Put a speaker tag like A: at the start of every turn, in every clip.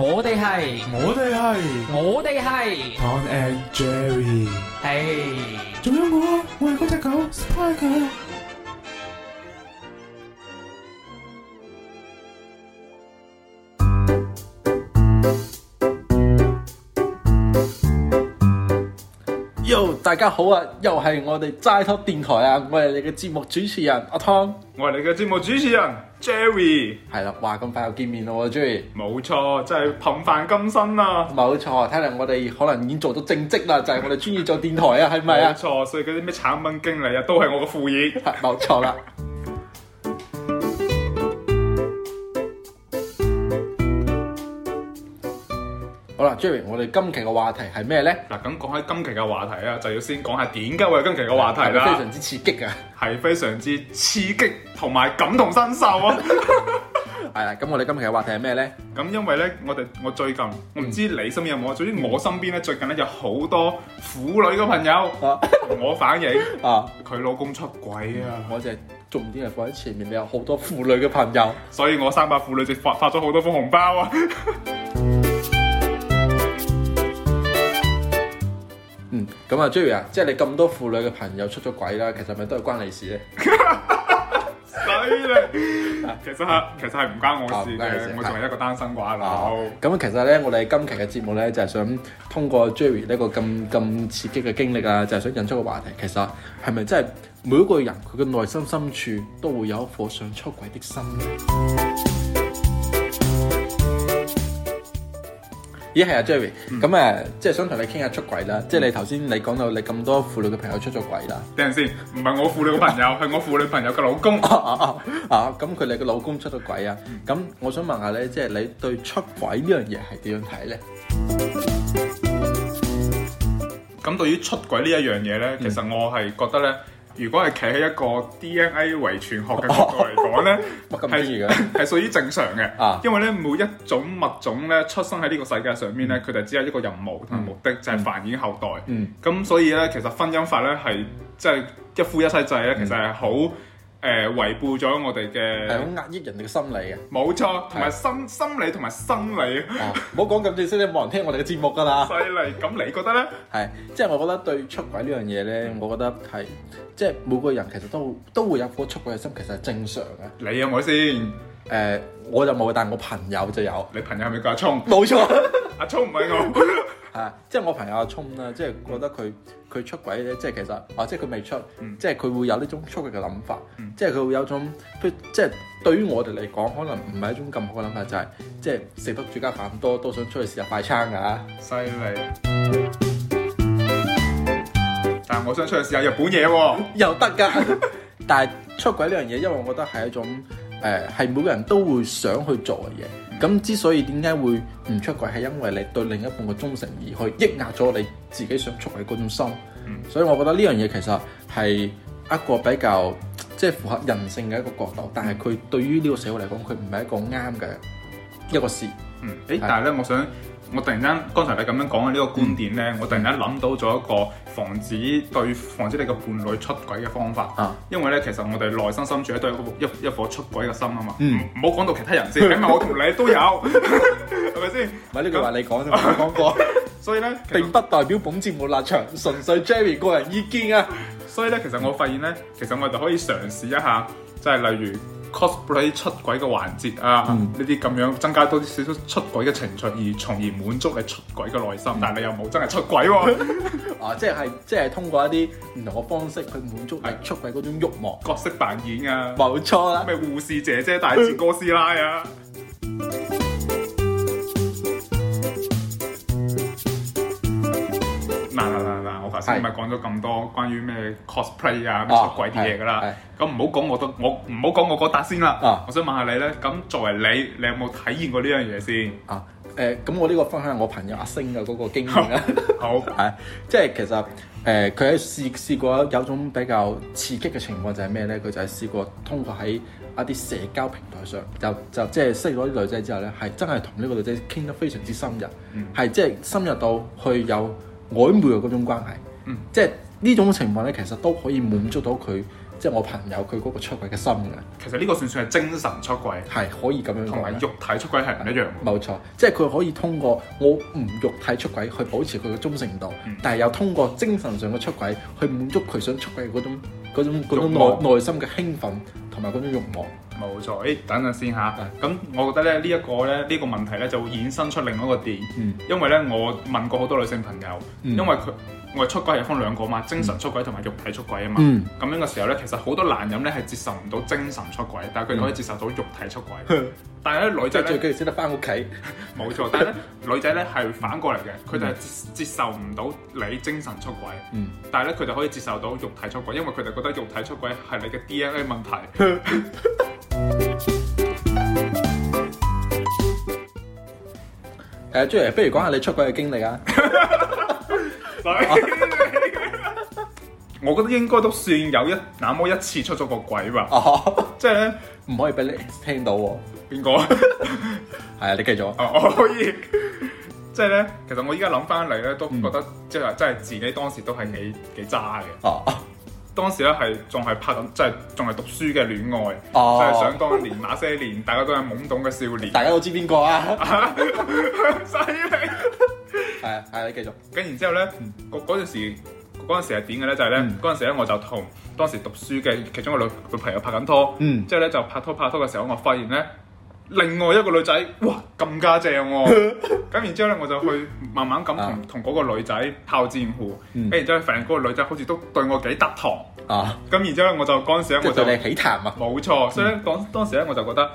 A: 我哋係，我哋係，我哋係。Tom and Jerry，係是。仲有我，我係嗰
B: 隻狗，Spy
C: 狗。Yo，大家好啊，又係我哋齋 Talk 電台啊，我係你嘅節目主持人阿 Tom，我係你嘅節目主持人。Jerry，係啦，哇咁快又見面咯，Jerry，冇錯，真係頻繁更新啦、啊，冇錯，睇嚟我哋可能已經做到正職啦，就係、是、我哋專業做電台啊，係咪啊？冇錯，
A: 所以嗰啲咩產品經理啊，都係我個副業，冇 錯啦。好啦，Jerry，我哋今期嘅話題係咩咧？嗱、啊，咁講開今期嘅話題啊，就要先講下點解會有今期嘅話題啦，係咪非常之刺激啊？係非常之刺激，同埋感同身受啊！係 啦、 啊，咁、嗯嗯、我哋今期嘅話題係咩咧？咁因為咧，我哋我最近，我唔知你身邊有冇，啊，總之我身邊咧最近咧有好多婦女嘅朋友，同、啊、我反映啊，佢老公出軌啊，嗯、我就重點係放喺前面，你有好多婦女嘅朋友，所以我三百婦女就發發咗好多封紅包啊！
C: 咁啊，Jerry 啊，即係你咁多婦女嘅朋友出咗軌啦，其實咪都係關，關、哦、關你事咧？
A: 死利！其實其實係唔關我事嘅，我仲係一個單身寡佬。
C: 咁、嗯、 其實咧，我哋今期嘅節目咧就係、是、想通過 Jerry 呢個咁咁刺激嘅經歷啊，就係、是、想引出個話題，其實係咪真係每一個人佢嘅內心深處都會有一顆想出軌的心咧？咦係啊，Jerry，咁誒，即係、嗯嗯嗯嗯、想同你傾下出軌啦。即、就、係、是、你頭先你講到你咁多婦女嘅朋友出咗軌啦。等陣先？唔係我婦女嘅朋友，係、啊、我婦女朋友嘅老公啊。啊，咁佢哋嘅老公出咗軌啊。咁、嗯、我想問下咧，即、就、係、是、你對出軌呢樣嘢係點樣睇咧？咁、嗯
A: 嗯、對於出軌呢一樣嘢咧，其實我係覺得咧。如果係企喺一個 DNA 遺傳學嘅角度嚟講呢，係 是 屬於正常嘅， 因為呢每一種物種呢出生喺呢個世界上面呢佢哋、啊、只有一個任務同埋目的，嗯、就係繁衍後代。咁、嗯、所以呢，其實婚姻法呢係即係一夫一妻制呢其實係好。嗯誒、呃，維護咗我哋嘅係好壓
C: 抑人哋嘅心理啊！
A: 冇錯，同埋心是心理同埋生理，唔好講咁正式咧，
C: 冇人聽我哋嘅節目噶啦！犀利， 咁你覺得咧？係，即、就、係、是、我覺得對出軌呢樣嘢咧，我覺得係，即、就、係、是、每個人其實都都會有個出軌嘅心，其實係正常嘅。你有、啊、冇先？誒、呃，我就冇，但係我朋友就有。你朋友係咪叫阿聰？冇 沒錯， 阿聰唔係我。 啊、即係我朋友阿聰啦，即係覺得佢佢出軌咧，即係其實，或者佢未出，嗯、即係佢會有呢種出軌嘅諗法，即係佢會有種，即係對於我哋嚟講，可能唔係一種咁好嘅諗法，就係、是、即係食得住家飯多，都想出去試下快餐噶、啊。犀利！但係我想出去試
A: 下日本嘢、啊、
C: 又得噶， 但係出軌呢樣嘢，因為我覺得係一種。誒係、呃、每個人都會想去做嘅嘢，咁、嗯、之所以點解會唔出軌，係、嗯、因為你對另一半嘅忠誠而去抑壓咗你自己想出軌嗰種心，嗯、所以我覺得呢樣嘢其實係一個比較即係符合人性嘅一個角度，嗯、但係佢對於
A: 呢個社會嚟講，佢唔係一個啱嘅一個事。嗯，誒，是但係咧，我想。我突然間，剛才你咁樣講嘅呢個觀點呢，嗯、我突然間諗到咗一個防止對防止你嘅伴侶出軌嘅方法。啊，因為呢，其實我哋內心深處都有一一顆出軌嘅心啊嘛。嗯，唔好講到其他人先， 因為我同你都有，係咪先？唔係呢句話你講啫嘛，講過。 所以呢，並不代表本節目立場，純粹 Jerry 個人意見啊。所以呢，其實我發現呢，其實我哋可以嘗試一下，即係例如。Cosplay 出軌嘅環節啊，呢啲咁樣增加多啲少少出軌嘅情趣，而從而滿足你出軌嘅內心，嗯、但你又冇真係出軌喎、啊， 啊，即係即係通過一啲唔同嘅方式去滿足你出軌嗰種慾望、啊，角色扮演啊，冇錯啦、啊，咩護士姐姐、帶住哥斯拉啊。 啱咪講咗咁多關於咩 cosplay 啊，出軌啲嘢噶啦？咁唔好講我個，我唔好講我嗰笪先啦。啊、我想問下你咧，咁作為你，你有冇體驗過呢樣嘢先？啊，
C: 誒、呃，咁我呢個分享我朋友阿星嘅嗰個經驗啦。 好，係， 即係其實誒，佢、呃、喺試試過有種比較刺激嘅情況就係咩咧？佢就係試過通過喺一啲社交平台上，就就即係識咗啲女仔之後咧，係真係同呢個女仔傾得非常之深入，係即係深入到去有曖昧嘅嗰種關係。嗯、即係呢種情況咧，其實都可以滿足到佢，嗯、即係我朋友佢嗰個出軌嘅心嘅。
A: 其實呢個算算係精神出軌，係可以咁樣講。同埋肉體出軌係唔一樣。冇、嗯、錯，
C: 即係佢可以通過我唔肉體出軌去保持佢嘅忠誠度，嗯、但係又通過精神上嘅出軌去滿足佢想出軌嘅嗰種嗰種，嗰種內，望內心嘅興奮同埋嗰種慾望。
A: 冇錯，誒、欸，等等先嚇。咁、嗯、我覺得咧，呢一個咧，呢個問題咧，就會衍生出另一個點。嗯、因為咧，我問過好多女性朋友，因為佢。我出軌又分兩個嘛，精神出軌同埋肉體出軌啊嘛。咁樣嘅時候呢，其實好多男人呢係接受唔到精神出軌，但係佢哋可以接受到肉體出軌。但係咧，女仔 最緊要先得翻屋企，冇 錯。但係咧 女仔呢係反過嚟嘅，佢哋係接受唔到你精神出軌，嗯、但係呢，佢哋可以接受到肉體出軌，因為佢哋覺得肉體出軌係你嘅 DNA 問題。誒、 呃，不如講下你出軌嘅經歷啊！ 我覺得應該都算有一那麼一次出咗個鬼吧，即係咧唔可以俾你聽到喎。邊個？係啊，你記住。哦，可以。即係咧，其實我依家諗翻嚟咧，都唔覺得即係真係自己當時都係你幾渣嘅。哦。當時咧係仲係拍緊，即係仲係讀書嘅戀愛。即係想當年那些年，大家都係懵懂嘅少年。大家都知邊個啊？犀利。係啊，係你繼續。跟然後之後咧，嗰嗰陣時，嗰陣時係點嘅咧？就係、是、咧，嗰陣、嗯、時咧我就同當時讀書嘅其中個女女朋友拍緊拖。嗯，之後咧就拍拖拍拖嘅時候，我發現咧另外一個女仔，哇咁加正喎，啊！咁 然之後咧，我就去慢慢咁同同嗰個女仔炮戰壺。嗯，然之後發現嗰個女仔好似都對我幾得糖。啊，咁然之後我就嗰陣時我就起痰啊，冇錯。所以咧，當、嗯、當時咧，我就覺得。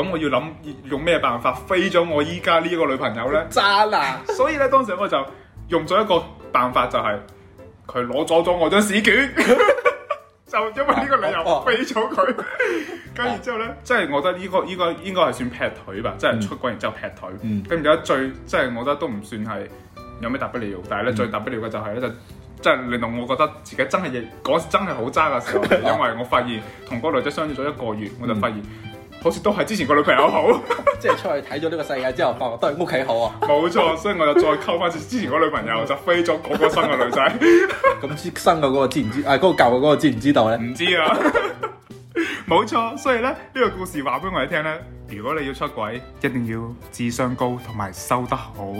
A: 咁我要諗用咩辦法飛咗我依家呢個女朋友呢？渣男，所以咧當時我就用咗一個辦法，就係佢攞咗咗我張試卷， 就因為呢個理由飛咗佢。跟住之後呢，即係我覺得呢個呢個應該係算劈腿吧，即係出軌，然之後劈腿。跟住而家最即係我覺得都唔算係有咩大不了，但係咧、嗯、最大不了嘅就係呢，就即係令到我覺得自己真係亦真係好渣嘅時候， 因為我發現同嗰個女仔相處咗一個月，嗯、我就發現。好似都係之前個女朋友好，即係出去睇咗呢個世界之後，發覺都係屋企好啊！冇錯，所以我就再溝翻之前個女朋友， 就飛咗嗰個新嘅女仔。咁 知新嘅嗰個知唔知？誒、哎，嗰個舊嘅嗰個知唔知，知道咧？唔知啊！冇 錯，所以咧呢、這個故事話俾我哋聽咧，如果你要出軌，一定要智商高同埋收得好。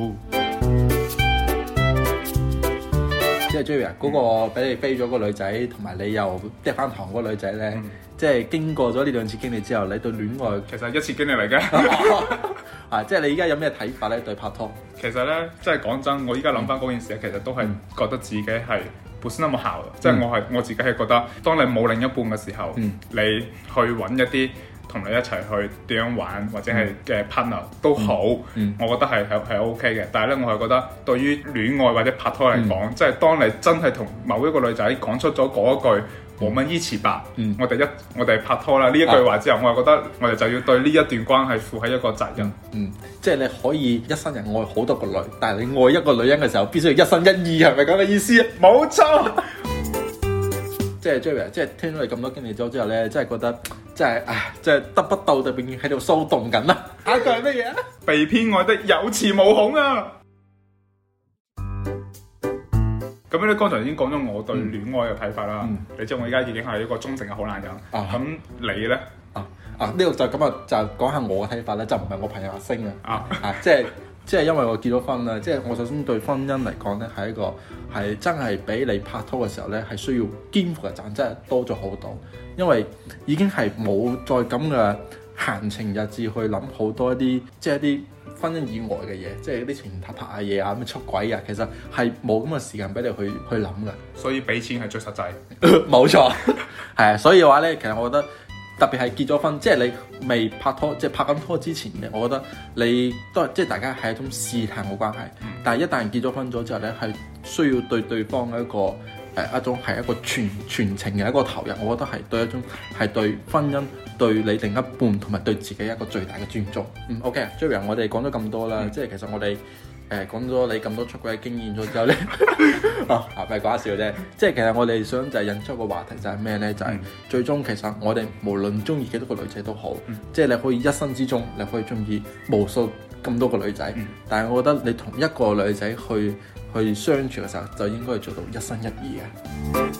A: 即係 Javier 嗰個俾你飛咗個女
C: 仔，同埋你又跌翻糖嗰個女仔咧，即係、嗯、經過咗呢兩次經歷之後，你對戀
A: 愛其實係一次經歷嚟嘅。 啊！即係你依家有咩睇法咧？對拍拖，其實咧，即係講真，我依家諗翻嗰件事其實都係覺得自己係本身咁姣，即係、嗯、我係我自己係覺得，當你冇另一半嘅時候，嗯、你去揾一啲。同你一齊去點樣玩或者係嘅 partner 都好，嗯嗯、我覺得係係係 OK 嘅。但係咧，我係覺得對於戀愛或者拍拖嚟講，嗯、即係當你真係同某一個女仔講出咗嗰一句黃文依詞白，我哋一我哋拍拖啦呢一句話之後，啊、我係覺得我哋就要對呢一段關係負起一個責任。嗯，嗯，即係你可以一生人愛好多個女，
C: 但係你愛一個女人嘅時候，必須要一生一意，係咪咁嘅意思？冇錯。即係 Javier 即係聽咗你咁多經歷咗之後咧，即係覺得，即係，唉，即係得不到
A: 就永遠喺度騷動緊啦。下
C: 一句係乜嘢
A: 啊？被偏愛的有恃無恐啊！咁樣咧，剛才已經講咗我對戀愛嘅睇法啦。嗯嗯、你知我而家已經係一個忠誠嘅好男人。啊。咁你咧？啊啊，呢度就
C: 咁啊，就講下我嘅睇法咧，就唔係我朋友聲嘅。啊。啊，即係。即係因為我結咗婚啦，即係我首先對婚姻嚟講咧，係一個係真係比你拍拖嘅時候咧，係需要肩負嘅責任真係多咗好多。因為已經係冇再咁嘅閒情逸致去諗好多一啲，即係一啲婚姻以外嘅嘢，即係啲情談啊嘢啊咁出軌啊，其實係冇咁嘅時間俾你去去諗嘅。
A: 所以俾錢係最實際，
C: 冇 沒錯，係 所以嘅話咧，其實我覺得。特別係結咗婚，即係你未拍拖，即係拍緊拖之前咧，我覺得你都係即係大家係一種試探嘅關係。嗯、但係一旦人結咗婚咗之後咧，係需要對對方嘅一個誒、呃、一種係一個全全程嘅一個投入。我覺得係對一種係對婚姻對你另一半同埋對自己一個最大嘅尊重。嗯，OK，Javier，我哋講咗咁多啦，嗯、即係其實我哋。誒講咗你咁多出軌經驗咗之後咧，啊唔係講笑啫、哦，即係其實我哋想就係引出個話題就係咩咧，就係、是、最終其實我哋無論中意幾多個女仔都好，即係 你可以一生之中你可以中意無數咁多個女仔， 但係我覺得你同一個女仔去去相處嘅時候，就應該做到一生一意嘅。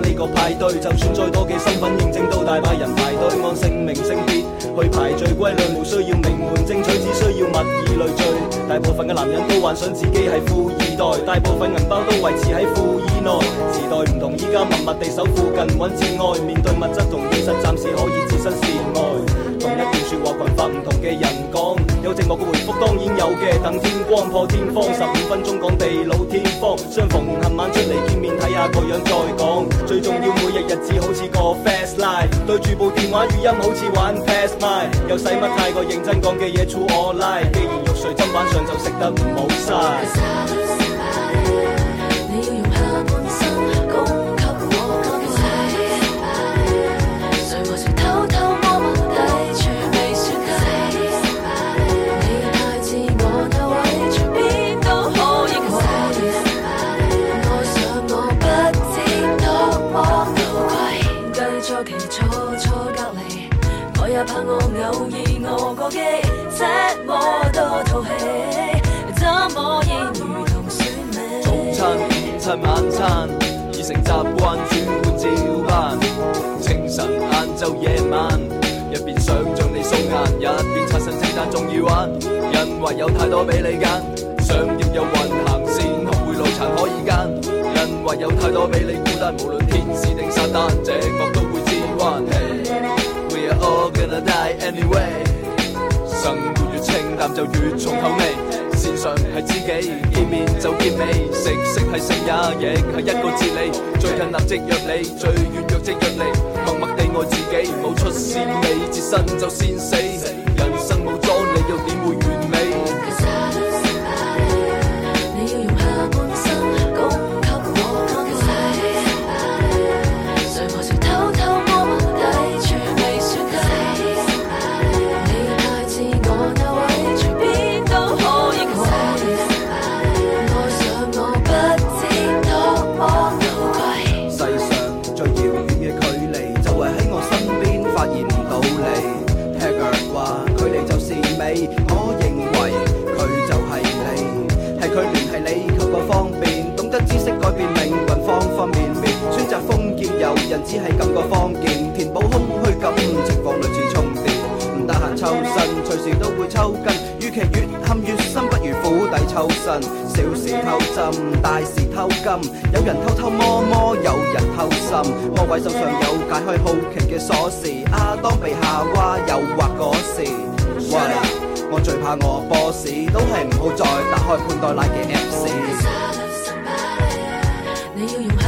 A: 呢個派對，就算再多嘅身份認證，都大把人排隊按姓名性別去排序歸類，冇需要明媒正娶，只需要物以類聚。大部分嘅男人都幻想自己係富二代，大部分銀包都維持喺富二代。時代唔同，依家默默地守附近揾摯愛，面對物質同現實，暫時可以置身事外。一說同一段説話，群發唔同嘅人講，有寂寞嘅回覆當然有嘅。等天光破天
B: 荒，十五分鐘講地老天荒。相逢恨晚出嚟見面，睇下個樣再講。最重
A: 要每日日子好似個 fast line 對住部電話語音好似玩 pass line 又使乜太過認真講嘅嘢，粗我拉。既然肉碎砧板上就，就食得唔好嘥。
B: 就夜晚，一邊想像你素顏，一
A: 邊擦身，聖誕仲要玩。因為有太多比你奸，想要有運行
C: 先，學會腦殘可以揀。因為有太多比你孤單，無論天使定撒旦，
A: 結局都會沾關係。Okay. Hey, We are all gonna die anyway。生活越清淡就越重口味。係知己，見面就見你，食色，係性也，亦係一個哲理。最近立即約你，最遠若即若離，默默地愛自己，冇出先你，自身就先死。
C: 月深不如釜底抽薪，小事偷針，大事偷金，有人偷偷摸摸，有人偷心。魔鬼手上有解開好奇嘅鎖匙，亞當被夏娃誘惑嗰時，喂，我最怕我 boss 都係唔好再打開潘多拉嘅 apps。